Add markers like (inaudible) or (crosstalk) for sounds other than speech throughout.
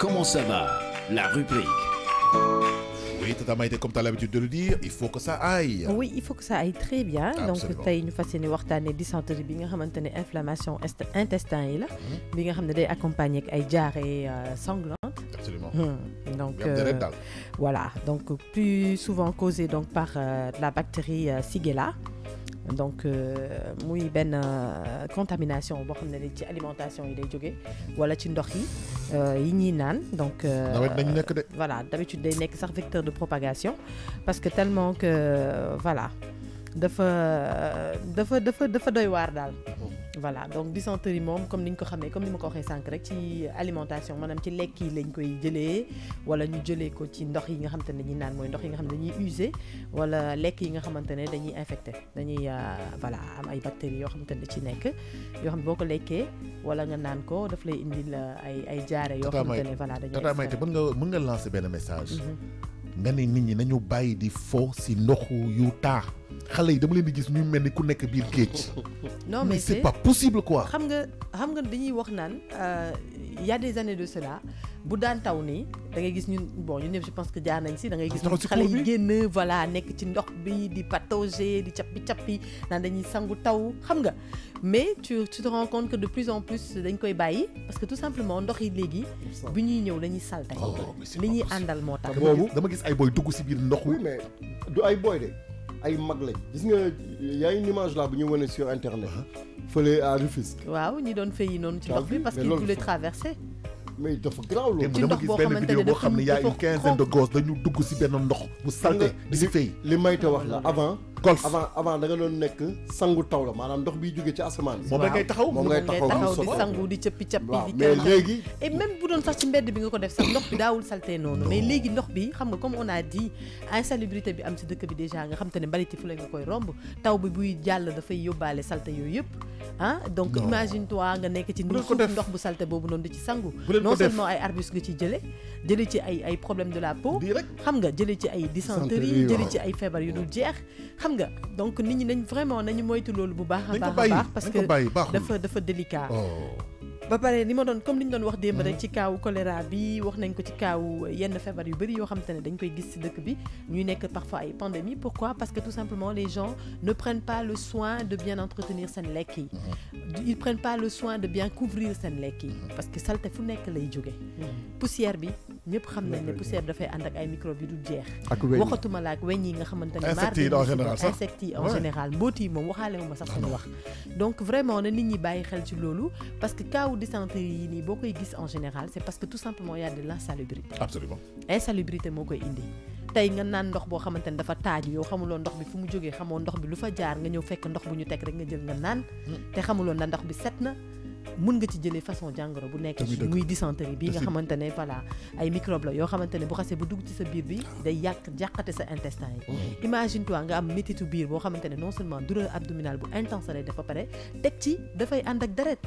Comment ça va La rubrique. Oui, Tata Maïté, comme tu as l'habitude de le dire, il faut que ça aille. Oui, il faut que ça aille très bien. Donc, tu as une façon de voir ta dysenterie, mhm. euh, hmm. bien ramener inflammation intestinale, bien ramener accompagné avec des diarrhées sanglantes. Absolument. donc, voilà. Donc, plus souvent causé donc, par euh, la bactérie euh, donc euh, muy ben contamination boo xam ne ci alimentation yi day jóge wala ci ndox yi euh, yi ñi naan donc. nawet dañu voilà d'habitude day nek sax vecteur de propagation parce que tellement que voilà dafa dafa dafa dafa doy war dal voilà donc dysenterie mom comme niñ ko xamee comme ni ma ko waxé sank rek ci alimentation manam ci lek yi lañ koy jëlé wala ñu jëlé ko ci ndox yi nga xamante ñi naan moy ndox yi nga xam dañuy usé wala lek yi nga xamante dañuy infecté dañuy euh, voilà am ay bactéries yo xamante ci nek yo xam boko boo wala nga naan ko daf lay indil euh, ay ay jaare yo xamante voilà dañuy tata Maïté mën nga mën nga lancer ben message mhm. nga ne nit ñi nañu bayyi di fo ci ndoxu yu taax xale yi dama leen di gis ñu melni ku nekk biir géej. non mais c'est pas possible quoi. xam nga xam nga dañuy wax naan euh, y a des années de cela bu daan taw nii da ngay gis ñun bon ñun ñëpp je pense que jaar nañ si da ngay gis. xale yi génn voilà nekk ci ndox bi di patauger di cappi cappi naan dañuy sangu taw xam nga mais tu tu te rends compte que de plus en plus dañ koy bayyi parce que tout simplement ndox yi léegi. bu ñuy ñëw dañuy saltay oh, li ñuy andal moo tax. dama gis ay boy dugg si biir ndox. mais du ay boy de ay mag lañ gis nga yaa une image là bu ñu wane sur internet. fële à rufis waaw ñi doon fay yi noonu ci ndox bi parce qu'il voulait traverser. mais dafa garaaw loolu. ci ndox boo xamante ne dafa xam ne y' une quinzaine de gosses dañu dugg si benn ndox. bu salte di si fay li may te wax la avant. golf avant avant da nga doon nekk sangu taw la maanaam ndox biy jógee ci asamaan bi. moom ngay taxaw moo ngay taxaw di sangu di cëppi cëppi. di mais léegi. et bu doon sax ci mbedd bi nga ko def sax ndox bi daawul salté noonu. mais léegi ndox bi xam nga comme on a bi am ci dëkk bi déjà nga xam te ne mbaliti fu koy romb taw bi buy jàll dafay yóbbaale salté yooyu yëpp ah. donc imagine toi nga nekk ci. bu ndox bu salté boobu noonu di ci sangu. non seulement ay arbustes nga ciy jëlee jëlee ci ay ay problème de la peau. xam nga jëlee ci ay dysenterie jëlee ci ay feebar yu jeex xam nga donc nit ñi nañ vraiment nañu moytu loolu bu baax a baax a baax parce que dafa dafa délicat oh. ba pare ni ma doon comme li ñu doon wax démb mm-hmm. rek ci kaawu choléra bi wax nañ ko ci kaawu yenn feebar yu bëri yoo xam te ne dañ koy gis ci dëkk bi ñuy nekk parfois ay pandémie pourquoi parce que tout simplement les gens ne prennent pas le soin de bien entretenir seen lekk yi mm-hmm. ils prennent pas le soin de bien couvrir seen lekk yi mm-hmm. parce que salte fu nekk lay jóge poussière bi ñëpp xam nañ ne poussière dafay ànd ak ay microbe yu du jeex waxatuma laak weñ yi nga xamante ne maar insectes yi en général mbóot yi moom waxaale ma sax suñu ah wax donc vraiment na nit ñi bàyyi xel ci loolu parce que kaawu dysenterie yi nii boo koy gis en général c'est parce que tout simplement y a de l'insalubrité absolument insalubrité moo koy indi tey nga naan ndox boo xamante ne dafa taaju yow xamuloon ndox bi fu mu jógee xamoo ndox bi lu fa jaar nga ñëw fekk ndox bu ñu teg rek nga jël nga naan hmm. te xamuloon na ndox bi set na mën nga ci jëlee façon jàngoro bu nekk muy dysenterie bi nga xamante ne voilà ay microbe la yoo xamante ne bu xasee bu dugg ci sa biir bi day yàq jàqate sa intestin yi mm-hmm. imagine toi nga am métitu biir boo xamante ne non seulement douleur abdominal bu intense lay dafa pare teg ci dafay ànd ak deret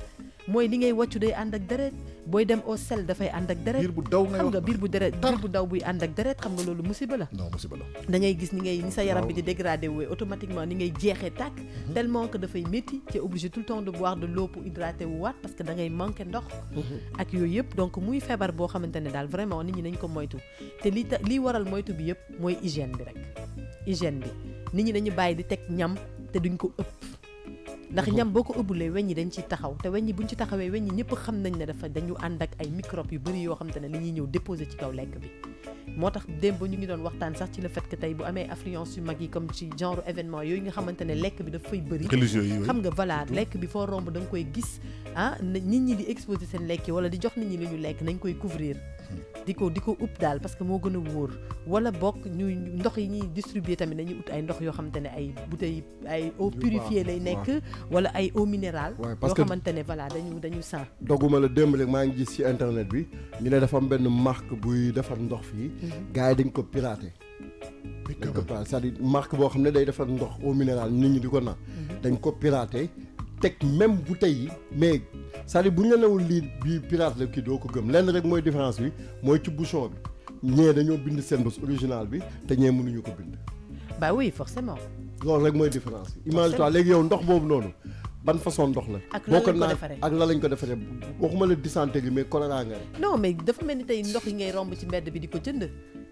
mooy li ngay wàccu day ànd ak deret booy dem au sel dafay ànd ak deret bu daw xam nga biir bu deret biir bu daw buy ànd ak deret xam nga loolu musiba la non musiba la da ngay gis ni ngay ni sa yaram bi di dégradé wooy automatiquement ni ngay jeexee tàkk mhm. tellement que dafay métti tu es obligé tout le temps de boire de l'eau pour hydrater wu waat parce que da ngay ndox mhm. ak yooyu yëpp donc muy feebar boo xamante ne daal vraiment nit ñi nañ ko moytu te li ta liy waral moytu bi yëpp mooy hygiène bi rek hygiène bi nit ñi nañu bàyyi di teg ñam te duñ ko ndax ñam boo ko ëbbulee weñ ñi dañ ci taxaw te weñ ñi buñ ci taxawee weñ ñi ñëpp xam nañ ne dafa dañu ànd ak ay microbe yu bëri yoo xam ne li ñëw déposé ci kaw lekk bi moo tax démb ñu ngi doon waxtaan sax ci le fait tey bu amee affluence yu mag yi comme ci genre événement yooyu nga xamante ne lekk bi dafay bëri xam nga voilà lekk bi foo romb da koy gis ah nit ñi di exposé seen lekk yi wala di jox nit ñi lu ñu lekk nañ koy couvrir diko diko di ko upp daal parce que mo gëna woor wala bok ñu ndox yi ñuy distribuer tamit nañuy ut ay ndox yo xamantene ay bouteille ay eau purifiée lay nekk wala ay eau minérale yo xamantene ne voilà dañu dañu sa doguma la démb rek maa ngi gis ci internet bi ñu ne dafa am benn marque buy defar ndox fi mhm. gaay dañ ko pirater dañ ko piraté c'est-à-dire marque boo xam ne day defar ndox eau minérale nit ñi di ko naan mhm. dañ ko pirater teg même bouteille yi mais cest à la newul li bi pirate la une doo ko gëm lenn rek différence bi ci bouchon bi bind original bi mënuñu ko bah oui forcément. non rek une différence imagine toi vous yow ndox bobu non ban façon ndox la. ak lan ak la lañ ko waxuma la mais nga non mais dafa melni tay ndox yi ngay romb ci bi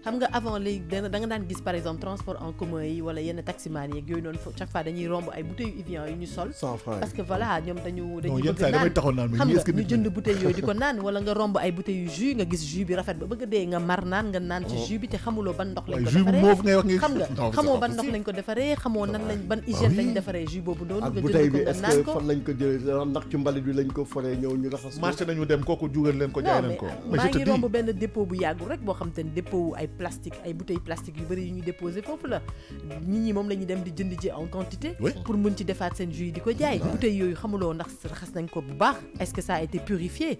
xam nga avant léegi da nga daan gis par exemple transport en commun yi wala yenn taximan yeeg yooyu noonu chaque fois dañuy romb ay bouteilles ivian yu ñu sol parce que voilà ñoom dañu dañu bëgg xam nga ñu jënd (laughs) bouteille yooyu di ko naan wala nga romb ay bouteille yu jus nga gis jus bi rafet ba bëgg a dee nga mar naan nga naan ci oh. jus bi te xamuloo ban ndox lañ ko defaree xam nga (laughs) xamoo ban ndox lañ ko defaree xamoo nan lañ ban ah hygiène lañ defaree jus boobu noonu nga jënd bi est ce ko fan lañ ko jëlee ndax ci mbalit bi lañ ko foree ñëw ñu raxas marché nañu dem kooku jugal leen ko jaay leen ko ah, maa ngi romb benn dépôt bu yàggul rek boo xam te ne dépôt ay plastique ay bouteilles plastique yu bari yu ñuy déposer foofu la nit ñi moom la ñuy dem di jënd ji en quantité pour mën ci defaat seen jus yi di ko jaay bouteille yooyu xamuloo ndax raxas nañ ko bu baax est-ce que ça a été purifié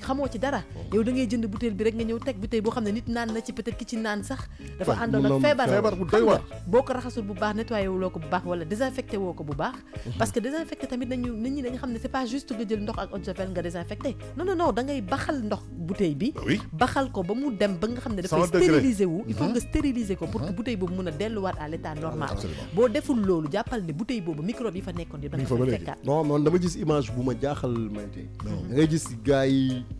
xamoo ci dara yow da ngay jënd bouteille bi rek nga ñëw teg bouteille boo xam ne nit naan na ci peut-être ki ci naan sax dafa àndoon ak feebar xam nga boo ko raxasul bu baax nettoyé wu ko bu baax wala désinfecté woo ko bu baax mhm. parce que désinfecté tamit nañu nit ñi dañu xam ne c'est pas juste nga jël ndox ak eau de javel nga désinfecté non non non da ngay baxal ndox bouteille bi baxal ko ba mu dem ba nga xam ne dafa stériliser wu il faut uh-huh. nga stériliser ko pour que uh-huh. bouteille boobu mën a delluwaat à l'état normal boo deful loolu jàppal ne bouteille boobu microbe yi fa nekkoon yëpp da nga fa fekkaat non man dama gis image bu ma jaaxal mayte mm-hmm. da ngay gis gars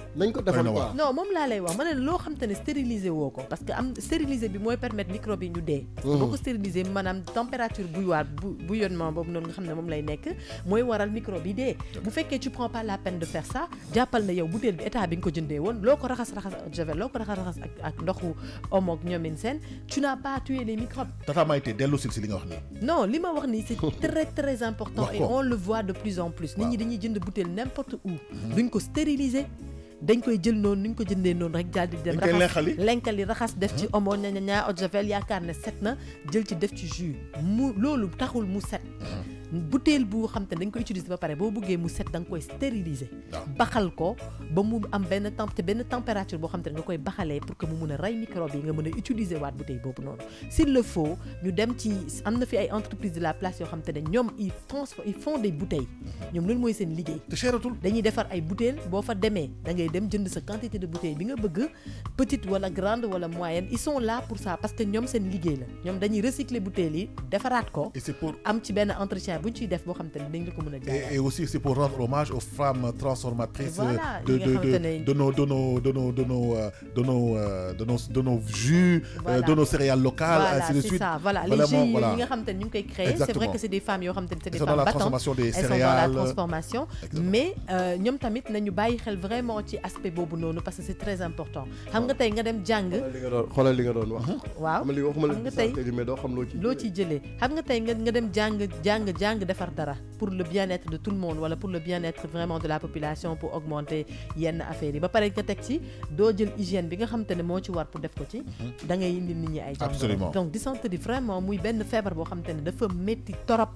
nañ ko defal quoi non moom laa lay wax ma ne loo xam te ne stérilisé woo ko parce que am stérilisé bi mooy permettre microbe yi ñu dee mhm. boo ko stérilisé maanaam température bouilloire bu bouillonnement boobu noonu nga xam ne moom lay nekk mooy waral microbe yi dee bu fekkee tu prends pas la peine de faire ça jàppal na yow butéel bi état bi nga ko jëndee woon loo ko raxas raxas ak javel loo ko raxas raxas ak ak ndoxu omo ak ñoomin seen tu n'as pas tué les microbes tata Maïté dellu si si li nga wax nii non li ma wax nii c'est (laughs) très très important et on le voit de plus en plus nit ñi dañuy jënd butéel n'importe où mhm. duñ ko stériliser dañ koy jël noonu ni ñu ko jëndee noonu rek daal di dem raxas lenkali raxas def ci hmm. omo ña ña ñaa eau de javel yaakaar ne set na jël ci def ci jus mu loolu taxul mu set hmm. bouteille bu xam te dañ koy utiliser ba paré bo bëggee mu set da koy stériliser. baxal ko ba mu am ben temps te ben température bo xam nga koy baxalé pour que mu mun ray microbe yi nga mën utiliser wat bouteille bobu noonu. s'il le faut ñu dem ci am fi ay entreprise de la place yo xam te ñom ils transforment ils font des bouteilles. Mhm. ñom lool moy seen liggéey. te cheratul dañuy défar ay bouteille bo fa démé da ngay dem jënd sa quantité de bouteille bi nga bëgg petite wala grande wala moyenne ils sont là pour ça parce que ñom seen liggéey la ñom dañuy recycler bouteille, yi défarat ko. am ci ben entretien bu ñu ciy def boo xam te ne dinañ la ko mën a jaay. et aussi c'est pour rendre hommage aux femmes transformatrices. voilà euh, de de de de nos de nos de nos de nos euh, de nos euh, de nos de nos jus. de nos céréales locales. ainsi de suite voilà les jus yi nga xam te ne ñu ngi koy créer. c'est vrai que c'est des femmes yoo xam te ne c'est des femmes battantes. elles sont dans la transformation mais ñoom tamit nañu bàyyi xel vraiment ci aspect boobu noonu parce que c'est très important xam nga tey nga dem jàng. xoolal li nga doon wax. waaw xam nga tey loo ciy jëlee xam nga tey nga dem jàng jàng jàng jàng defar dara pour le bien-être de tout le monde wala pour le bien-être vraiment de la population pour augmenter yenn affaire yi ba pare nga tek ci do jël hygiène bi nga xam tane mo ci war pour def ko ci mhm. da ngay indi nit ñi ay jàngoro donc dysenterie vraiment muy benn fièvre boo xam tane dafa metti torop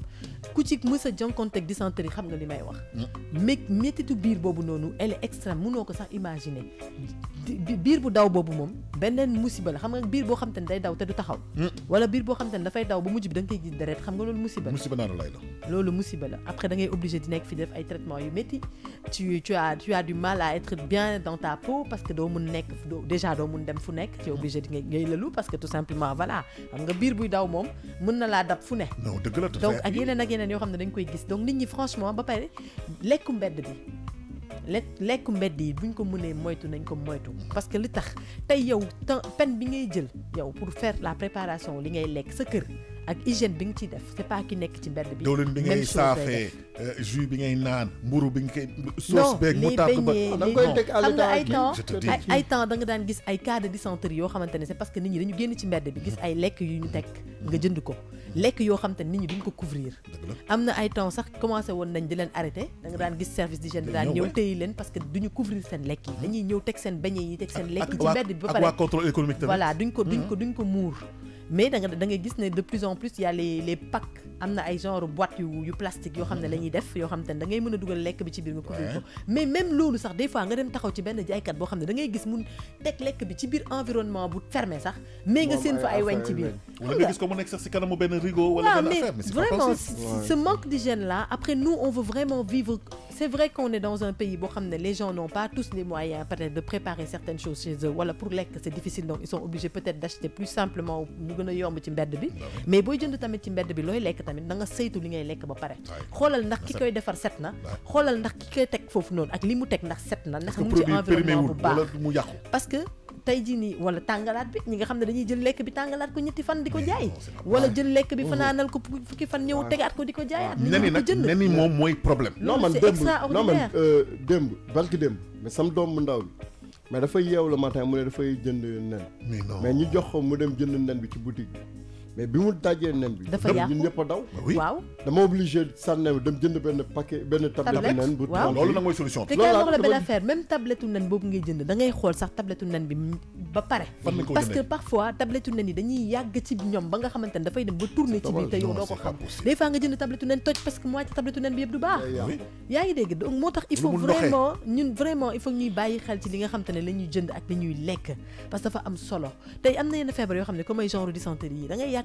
ku ci mës a jànkoonteeg dysenterie xam nga li may wax mm. mé méttitu biir boobu noonu elle est extrême mënoo ko sax imaginer biir bu daw boobu moom beneen musiba la xam nga biir boo xam te ne day daw te du taxaw mm. wala biir boo xam te ne dafay daw ba mujj bi da nga koy gis deret xam nga loolu musiba musiba naa lay la loolu musiba la après da ngay obligé di nek fi def ay traitement yu metti tu tu as tu as du mal à être bien dans ta peau parce que do mun nek déjà do mun dem fu nek tu es obligé di ngay lelu parce que tout simplement voilà xam nga bir buy daw mom mun na la dab fu ne donc ak yeneen ak yeneen yo xam dañ koy gis donc nit ñi franchement ba pare lekku mbedd bi lekk lekku mbedd yi buñ ko mënee moytu nañ ko moytu parce que li tax tey yow peine bi ngay jël yow pour faire la préparation li ngay lekk sa kër ak hygiène bi nga ci def c'est pas ki nekk ci mbedd bi. qui bi euh, jus bi ngay sauce mu tak ba dang koy à l'état ay temps ay de c'est parce que nit ñi dañu génn ci mbedd bi gis ay lek yu ñu nga jënd ko couvrir. amna ay temps sax commencé won nañ di service d'hygiène daan parce que duñu couvrir sen lek yi dañuy tek sen beñe yi tek sen qui ci mbedd bi voilà duñ ko duñ ko hmm mais da nga da nga gis ne de plus en plus y a les les packs am na ay genre boîte yu yu plastique yoo xam ne la ñuy def yoo xam te ne da ngay mën a dugal lekk bi ci biir nga couvrir ko mais même loolu sax des fois nga dem taxaw ci benn jaaykat boo xam ne da ngay gis mun teg lekk bi ci biir environnement bu fermé sax mais nga seen fa ay weñ ci biir wala nga gis ko mu nekk sax si kanamu benn rigo wala benn affaire mais vraiment ce manque d'hygiène là après nous on veut vraiment vivre c'est vrai qu'on est dans un pays boo xam ne les gens n'ont pas tous les moyens peut-être de préparer certaines choses chez eux wala pour lekk c'est difficile donc ils sont obligés peut-être d'acheter plus simplement gën a yomb ci mbedd bi mais booy jënd tamit ci mbedd bi looy lekk tamit da saytu li ngay lekk ba pare xoolal ndax ki koy defar set na xoolal ndax ki koy teg foofu noonu ak li mu teg ndax set na ndax mu ngi ci mu yàqu parce que tey jii nii wala tàngalaat bi ñi nga xam ne dañuy jël lekk bi tàngalaat ko ñetti fan di ko jaay wala jël lekk bi fanaanal ko fukki fan ñëw tegaat ko di ko jaayaat ni nen nag nen yi moom mooy problème non man démb non man euh, démb barki démb mais sam doom bu ndaw mais dafa yeew le matin mu ne dafay jënd nen mais ñu jox ko mu dem jënd nen bi ci boutique bi mais bi mu dajee nen bi. dafa yàqu ñun ñëpp a daw. Ah waaw dama obligé sànneew dem jënd ben paquet ben tablette nen. bu lolu nak moy solution bi. te la belle affaire même tablette nen bobu ngay jënd da ngay xol sax tablette nen bi ba paré parce que parfois tablette nen yi dañuy yàgg ci ñom ba nga xamantene da fay dem ba tourner ci bi té yow doko xam. des fois nga jënd tablette nen toj parce que moitié tablette nen bi yeb du baax. yaay dégg donc motax il faut vraiment ñun vraiment il faut ñuy bayyi xel ci li nga xamantene lañuy jënd ak lañuy lek parce que dafa am solo tay am na yenn feebar yo xamné comme ay genre dysenterie yi da ngay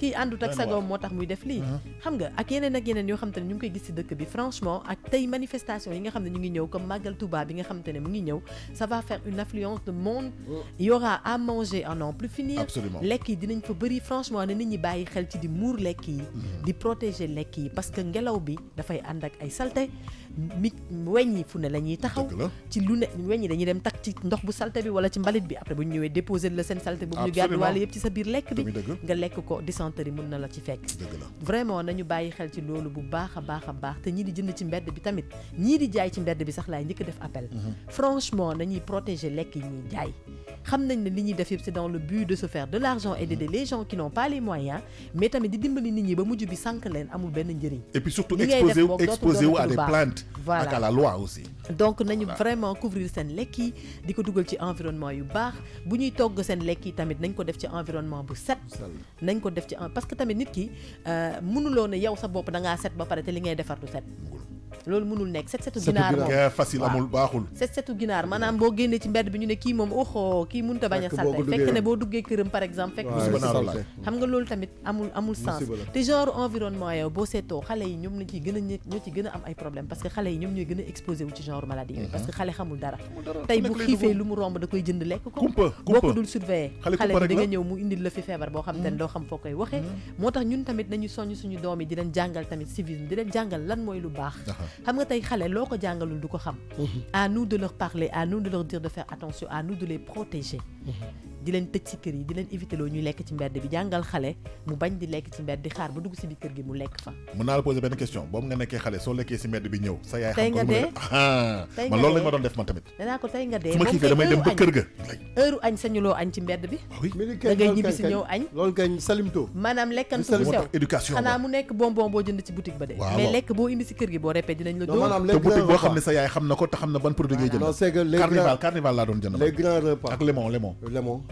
kii àndut ak sagoom moo tax muy def lii mm-hmm. xam nga ak yeneen ak yeneen yoo xam te ne ñu ngi koy gis ci dëkk bi franchement ak tey manifestation yi nga xam ne ñu ngi ñëw comme Magal Touba bi nga xam te ne mu ngi ñëw ça va faire une affluence de monde mm. il y aura à manger à n'en plus finir lekk yi dinañ fa bëri franchement ne nit ñi bàyyi xel ci di muur lekk yi mm-hmm. di protéger lekk yi parce que ngelaw bi dafay ànd ak ay salté mi weñ yi fu ne la ñuy taxaw ci lu ne weñ dañuy dem tak ci ndox bu salté bi wala ci mbalit bi après bu ñu ñëwee déposé la seen salté bu ñu gàddu wàll yëpp ci sa biir lekk bi nga lekk ko dysenterie mën na la ci fekk vraiment nañu bàyyi xel ci loolu bu baax a baax a baax te ñii di jënd ci mbedd bi tamit ñii di jaay ci mbedd bi sax laay njëkk def appel mhm. franchement nañuy protéger lekk yi ñuy jaay xam nañ ne li ñuy def yëpp c'est dans le but de se faire de l'argent et d'aider mhm. les gens qui n'ont pas les moyens mais tamit di dimbali nit ñi ba mujj bi sànk leen amul benn njëriñ et puis surtout exposé wu à des plantes limite voilà ak à la loi aussi donc nañu vraiment couvrir seen lekk yi di ko dugal ci environnement yu baax bu ñuy togg seen lekk tamit nañ ko def ci environnement bu set nagn ko def ci parce que tamit nit ki euh, mënuloo ne yow sa bop da nga set ba paré té li ngay défar du set loolu mënul nekk set setu ginaar moom eh, facile amul baaxul set setu ginaar maanaam boo génnee ci mbedd bi ñu ne kii moom oxo kii mënut a bañ a salte fekk ne boo duggee këram par loolu tamit amul amul sens te genre boo seetoo xale yi ñoom la ciy ñoo ci gën am ay problème parce que xale yi ñoom ñooy gën a exposé wu ci genre maladie mhm. lekk ko boo ko dul surveiller xale bi di mu indil la fi feebar boo xam te ne mhm. doo xam koy waxee mhm. moo tax ñun tamit nañu soññ suñu doom yi di leen jàngal tamit civisme di leen jàngal lan mooy lu baax à nous de leur parler à nous de leur dire de faire attention à nous de les protéger mhm di leen tëj ci kër yi di leen éviter loo ñuy lekk ci mbedd bi jàngal xale mu bañ di lekk ci mbedd di xaar gi mu lekk fa la poser question nga si mbedd bi ñëw sa yaay xam ah, man loolu ma doon def man tamit danaa ko tey nga dee je damay dem ba kër ga heure añ ci mbedd bi ah da ngay loolu bu bonbon jënd boutique ba mais lekk indi la ne sa yaay xam na ko te xam carnival repas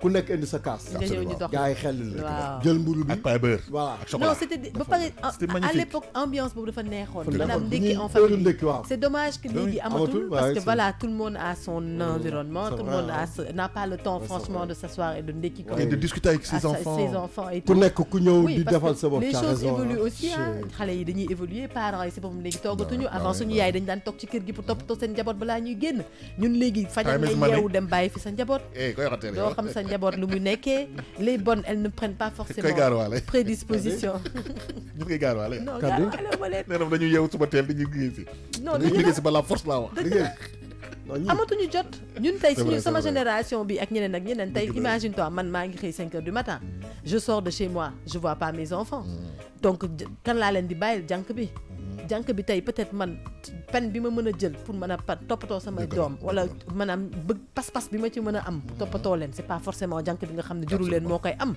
ku nekk indi sa kaas. gaa yi xel la jël mburu bi ak pain voilà ak chocolat non c'était ba pare à l'époque ambiance boobu dafa neexoon maanaam ndékki en famille c'est dommage que léegi amatul parce que voilà tout le monde a son environnement tout le monde a n'a pas le temps franchement de s'asseoir et de ndékki et de discuter avec ses enfants ses enfants et ku nekk ku ñëw di defal sa bopp les choses évoluent hein. aussi ah xale yi dañuy évoluer parents yi si boppam léegi toogatuñu avant suñu yaay dañ daan toog ci kër gi pour toppatoo seen njaboot balaa ñuy génn ñun léegi fajal nga yeewu dem bàyyi fi sa njaboot eh, doo xam sa njaboot lu mu nekkee les bonnes elles ne prennent pas forcément prédisposition ñu koy gaarwaale non gaarwaale dañu yew nee na dañuy yeewu suba teel dañuy liggéey si non dañuy liggéey ba la force la wax amatu ñu jot ñun tay suñu sama génération bi ak ñeneen ak ñeneen tay imagine toi man maa ngi xëy 5 heures du matin je sors de chez moi je vois pas mes enfants hmm. donc kan laa leen di bàyyil jànk bi hmm. jànk bi tay peut-être man pen bi ma mën a jël pour mën a pa toppatoo sama doom wala maanaam bëgg pas-pas bi ma ci mën a am toppatoo leen c'est pas forcément jànk bi nga xam ne jurul leen moo koy am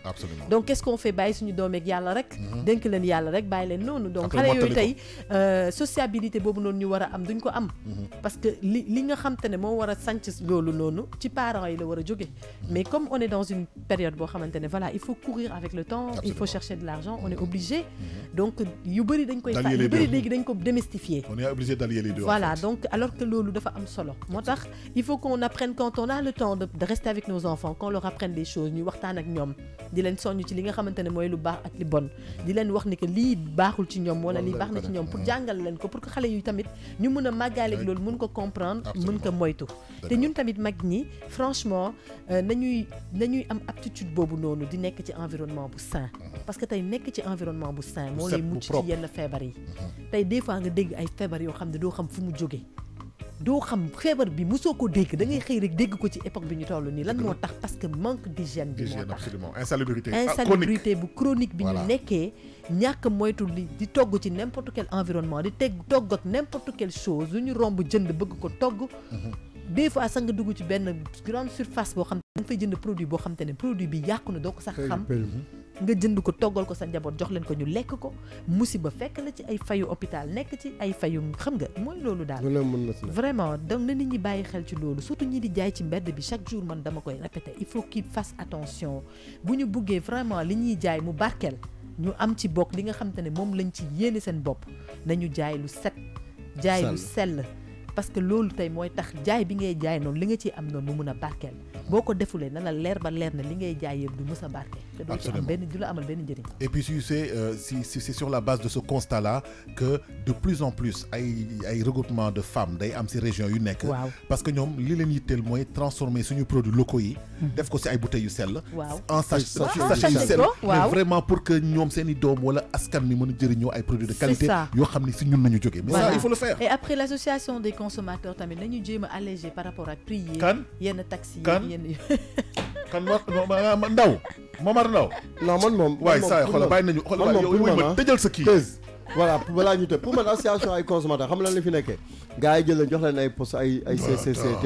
donc qu'est-ce qu'on fait bàyyi suñu doom ak yàlla rek mhm. dénk leen yàlla rek bàyyi leen noonu donc xale yooyu tey euh, sociabilité boobu noonu ñu war a am duñ ko am mhm. parce que li li nga xam te ne moo war a sànc loolu noonu ci parents yi la war a jóge mhm. mais comme on est dans une période boo xamante ne voilà il faut courir avec le temps il faut chercher de l'argent on est obligé donc yu bëri dañ koy yu bëri léegi dañ ko démystifier on est obligé les deux. Voilà, en fait. donc alors que loolu dafa am solo moo il faut qu'on apprenne quand on a le temps de, de rester avec nos enfants qu'on leur apprenne des choses ñuy waxtaan ak ñoom di leen soññ ci li nga xamantene moy lu baax ak li bonne di leen wax ni que li baaxul ci ñom wala li baax na ci ñom pour mm. jangal leen ko pour que xalé yu tamit ñu mëna magalé màggaaleeg loolu ko comprendre mun ko moytu té ñun tamit mag ñi franchement euh, nañuy nañuy am aptitude bobu nonu di nekk ci environnement bu sain mm-hmm. parce que tay nekk ci environnement bu sain mo lay mucc ci yenn fièvre yi mm-hmm. tay des fois nga dégg ay fièvre yo xam ne xam fu mu jógee doo xam feebar bi mosoo ko dégg da ngay xëy rek dégg ko ci époque bi ñu toll nii lan moo tax parce que manque d'hygiène bi moo insalubrité ah, insalubrité bu chronique bi ñu nekkee ñàkk moytu li di togg ci n'importe quel environnement di teg togg ak n'importe quel chose ñu romb jënd bëgg ko togg mhm. des fois sax nga dugg ci benn grande surface boo xam te fay jënd produit boo xam te ne produit bi yàqu na doo ko sax xam nga jënd ko toggal ko sa njaboot jox leen ko ñu lekk ko musiba fekk la ci ay fayu hôpital nekk ci ay fayu xam nga mooy loolu daal vraiment donc na nit ñi bàyyi xel ci loolu surtout ñi di jaay ci mbedd bi chaque jour man dama koy répéter il faut qu'ils fassent attention bu ñu buggee vraiment li ñuy jaay mu barkeel ñu am ci bokk li nga xam te ne moom lañ ci yéene seen bopp nañu jaay lu set jaay lu sell parce que loolu tey mooy tax jaay bi ngay jaay noonu li nga ciy am noonu mu mun a barkeel boo ko defulee na la leer ba leer na li ngay jaay yëpp du mës a barke benn du la amal benn njëriñ et puis si c'est euh, si si c'est sur la base de ce constat là que de plus en plus ay ay regroupement de femmes day am si région yu nekk waaw parce que ñoom li leen yitteel mooy transformer suñu produits locaux yi hmm. def ko si ay bouteilles yu sell waaw en ah, sachet yu sell mais vraiment pour que ñoom seen i doom wala askan mi mën a jëriñoo ay produits de qualité yoo xam ne si ñun nañu jógee mais ça il faut le faire et après l'association des consommateurs tamit nañu jéem a allégé par rapport ak prix yi yenn taxi yi yenn yi. kan ma ndaw Momar Ndaw. non man moom waaye saa xoolal bàyyi nañu xoolal waaye yow wuy ma ah. tëjal sa kii. voilà balaa ñu tëb pour man association ay consommateurs xam lan la fi nekkee. gars yi jël leen jox leen ay poste ay ay CCCT.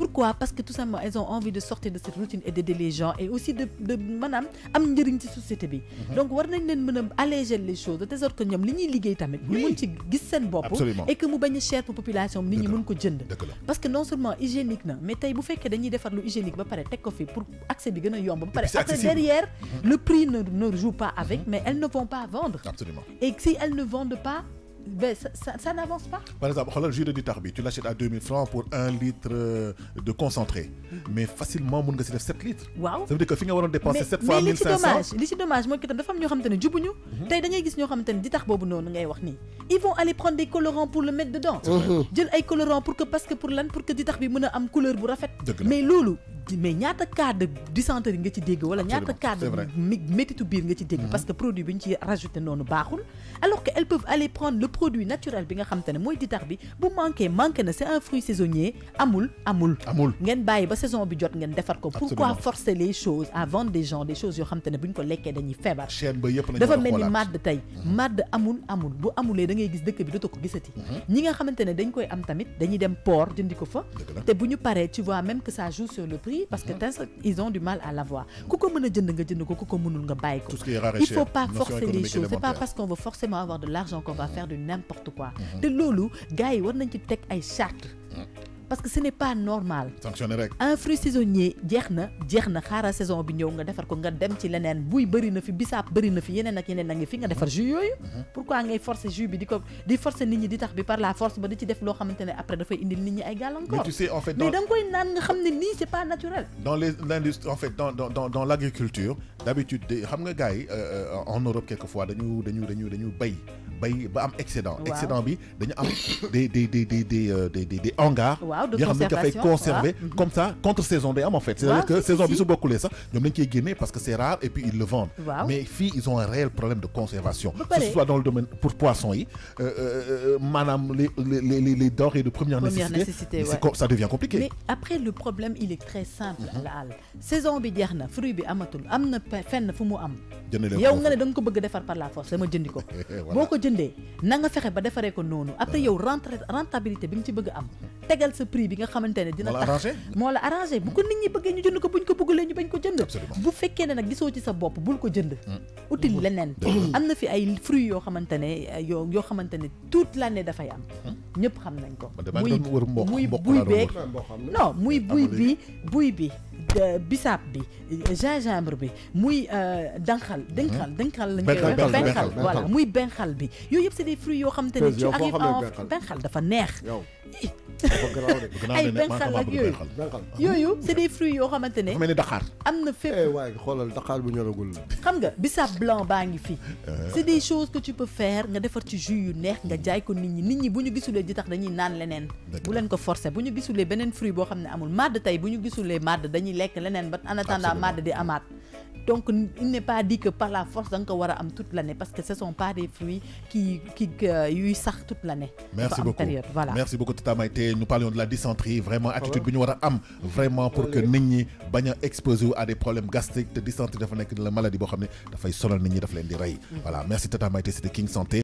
pourquoi parce que tout simplement elles ont envie de sortir de cette routine et d'aider les gens et aussi de de am njëriñ ci société bi mhm. donc war nañ leen mën alléger les choses de que ñom li ñuy liggéey tamit ñu mën ci gis seen bopp et que mu bañ cher pour population nit ñi mën ko jënd parce que non seulement hygiénique na mais tay bu fekkee dañuy defar lu hygiénique ba pare teg ko fi pour accès bi gën a yomb ba pare derrière mhm. le prix ne ne joue pas avec mhm. mais elles ne vont pas vendre et si elles ne vendent pas ben, ça, ça, ça n'avance pas. Par exemple, le jus de ditarbi, tu l'achètes à 2000 francs pour 1 litre euh, de concentré. Mm-hmm. Mais facilement, tu peux 7 litres. Wow. Ça veut dire que tu vas dépenser 7 fois 1500. Mais c'est dommage, c'est dommage. Moi, je suis ont été dañuy gis ñoo xamante ne ditax boobu noonu ngay wax nii ils vont aller prendre des colorants pour le mettre dedans mm-hmm. jël ay colorants pour que parce que pour lan pour que ditax bi mën am couleur bu rafet mais loulou mais ñaata cas de dysenterie nga ci dégg wala ñaata cas de métitu biir nga ci dégg mm-hmm. parce que produit bi ñu ci rajouté noonu baaxul alors que elles peuvent aller prendre le produit naturel bi nga xam te ne mooy ditax bi bu manqué manqué na c'est un fruit saisonnier amul amul amul ngeen bàyyi ba saison bi jot ngeen defar ko pourquoi forcer les choses à vendre des gens des choses yoo xam te ne bu ñu ko lekkee dañuy feebar dafa mel ni madd tey mm-hmm. madd amul amul bu amulee da ngay gis dëkk bi dootoo ko gisati mm-hmm. ñi nga xamante ne dañ koy am tamit dañuy dem port jëndi ko fa te bu ñu paree tu vois même que ça joue sur le prix parce que mhm. ils ont du mal à l'avoir Il ne faut pas forcer les choses c'est pas parce qu'on veut forcément avoir de l'argent qu'on va faire de n'importe quoi mhm. De lulu, gars yi war nañ ci parce que ce n'est pas normal. un fruit saisonnier il y a saison bi nga na fi nga pourquoi par la force ba di def mais tu sais en fait dans mais pas naturel. dans dans dans l'agriculture d'habitude xam nga gay, euh, euh, en Europe quelquefois dañu dañu dañu dañu bay bay ba am excédent. excédent bi dañu am (coughs) des des des euh, des des des hangars. waaw de conservation conserver comme ça contre saison day am en fait. c'est-à-dire que saison bi su bokkulee ça ñom dañ koy génne parce que c'est rare et puis ils le vendent. mais filles, ils ont un réel problème de conservation. que ce soit dans le domaine pour poisson, yi euh, euh, madame les les les les denrées de première nécessité. ça devient compliqué. mais après le problème il est très simple. Mhm. la saison bi jeex fruit bi amatul amna fenn fu mu am. yow nga ne da nga ko bëgg defar par la force dama jëndi ko (laughs) boo ko jëndee na nga fexe ba defaree ko noonu après yow rentabilité bi nga ci bëgg am tegal sa prix bi nga xamante ne dina tax moo la arrangé bu ko nit ñi bëggee ñu jënd ko buñ ko bëggulee ñu bañ ko jënd bu fekkee ne nag gisoo ci sa bopp bul ko jënd mm. utile mm. leneen am na fi ay fruits yoo xamante ne yoo yoo xamante ne toute l'année dafay am mm. ñëpp xam nañ ko muy muy buy beeg non muy buy bi buy bi bisaab bi gingembre bi muy euh, danxal denxal denxal lañ benxal voilà muy benxal bi yooyu yëpp c'est des fruits yoo xam te ne ci arrive en benxal dafa neex (laughs) ay benxal ak yooyu yooyu c'est des fruits yoo xamante ne am na fépp eh waaye xoolal daxaar bu ñoragul xam nga bisaab blanc baa ngi eh. c'est des choses que tu peux faire nga defar ci jus yu neex nga jaay ko nit ñi nit ñi bu ñu gisulee ji tax dañuy naan leneen bu leen ko forcer bu ñu gisulee beneen fruit boo xam ne amul madd tey bu ñu gisulee madd dañuy donc il n'est pas dit que par la force on nga toute l'année parce que ce sont pas des fruits qui qui euh, toute l'année merci beaucoup merci beaucoup Tata Maïté nous parlions de la dysenterie vraiment attitude vraiment pour que nit ñi bañ à des problèmes gastriques de dysenterie dafa la maladie merci Tata Maïté King Santé